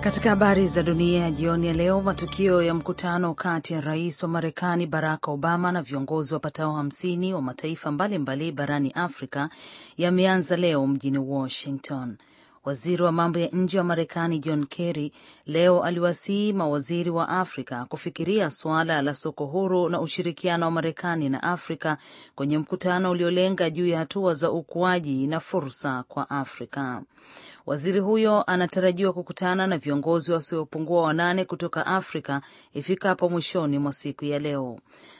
Katika habari za dunia ya jioni ya leo, matukio ya mkutano kati ya rais wa Marekani Barack Obama na viongozi wapatao hamsini wa mataifa mbalimbali mbali barani Afrika yameanza leo mjini Washington. Waziri wa mambo ya nje wa Marekani John Kerry leo aliwasihi mawaziri wa Afrika kufikiria suala la soko huru na ushirikiano wa Marekani na Afrika kwenye mkutano uliolenga juu ya hatua za ukuaji na fursa kwa Afrika. Waziri huyo anatarajiwa kukutana na viongozi wasiopungua wanane kutoka Afrika ifikapo mwishoni mwa siku ya leo.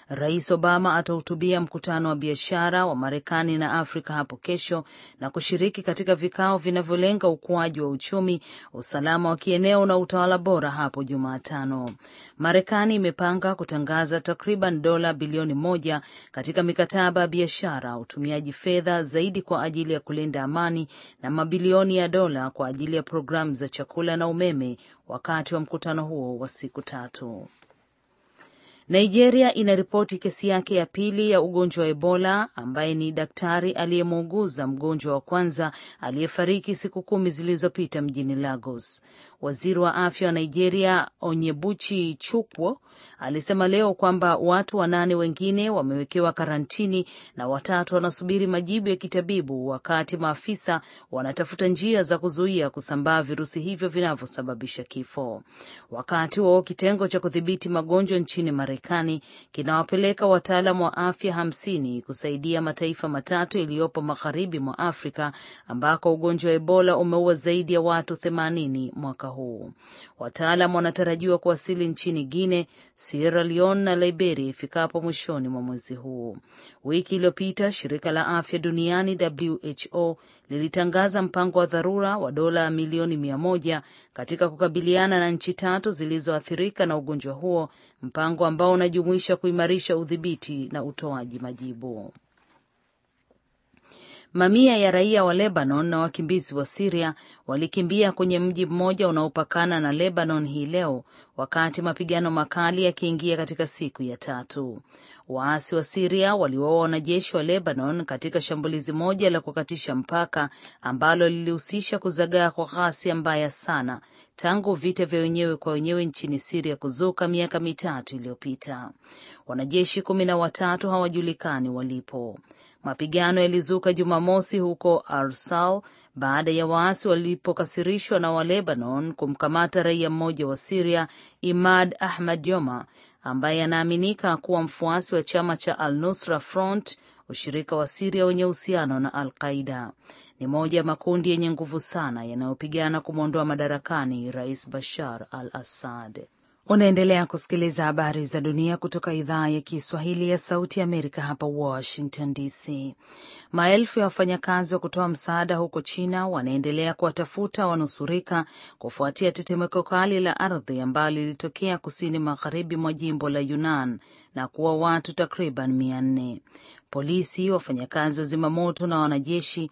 Rais Obama atahutubia mkutano wa biashara wa Marekani na Afrika hapo kesho na kushiriki katika vikao vinavyolenga ukuaji wa uchumi, usalama wa kieneo na utawala bora hapo Jumatano. Marekani imepanga kutangaza takriban dola bilioni moja katika mikataba ya biashara, utumiaji fedha zaidi kwa ajili ya kulinda amani na mabilioni ya dola kwa ajili ya programu za chakula na umeme wakati wa mkutano huo wa siku tatu. Nigeria inaripoti kesi yake ya pili ya ugonjwa wa Ebola, ambaye ni daktari aliyemuuguza mgonjwa wa kwanza aliyefariki siku kumi zilizopita mjini Lagos. Waziri wa afya wa Nigeria Onyebuchi Chukwu alisema leo kwamba watu wanane wengine wamewekewa karantini na watatu wanasubiri majibu ya kitabibu, wakati maafisa wanatafuta njia za kuzuia kusambaa virusi hivyo vinavyosababisha kifo. Wakati wao kitengo cha kudhibiti magonjwa nchini Marekani Marekani kinawapeleka wataalamu wa afya hamsini kusaidia mataifa matatu yaliyopo magharibi mwa Afrika ambako ugonjwa wa Ebola umeua zaidi ya watu themanini mwaka huu. Wataalam wanatarajiwa kuwasili nchini Guine, Sierra Leone na Liberia ifikapo mwishoni mwa mwezi huu. Wiki iliyopita shirika la afya duniani WHO lilitangaza mpango wa dharura wa dola milioni mia moja katika kukabiliana na nchi tatu zilizoathirika na ugonjwa huo, mpango ambao ambao unajumuisha kuimarisha udhibiti na utoaji majibu. Mamia ya raia wa Lebanon na wakimbizi wa Siria walikimbia kwenye mji mmoja unaopakana na Lebanon hii leo, wakati mapigano makali yakiingia katika siku ya tatu. Waasi wa Siria waliwaua wanajeshi wa Lebanon katika shambulizi moja la kukatisha mpaka ambalo lilihusisha kuzagaa kwa ghasia mbaya sana tangu vita vya wenyewe kwa wenyewe nchini Siria kuzuka miaka mitatu iliyopita. Wanajeshi kumi na watatu hawajulikani walipo. Mapigano yalizuka Jumamosi huko Arsal baada ya waasi walipokasirishwa na Walebanon kumkamata raia mmoja wa Siria, Imad Ahmad Yoma, ambaye anaaminika kuwa mfuasi wa chama cha Al Nusra Front ushirika wa Siria wenye uhusiano na Al Qaida. Ni moja ya makundi yenye nguvu sana yanayopigana kumwondoa madarakani Rais Bashar al Assad. Unaendelea kusikiliza habari za dunia kutoka idhaa ya Kiswahili ya Sauti ya Amerika hapa Washington DC. Maelfu ya wafanyakazi wa kutoa msaada huko China wanaendelea kuwatafuta wanusurika kufuatia tetemeko kali la ardhi ambalo lilitokea kusini magharibi mwa jimbo la Yunnan na kuwa watu takriban mia nne. Polisi, wafanyakazi wa zimamoto na wanajeshi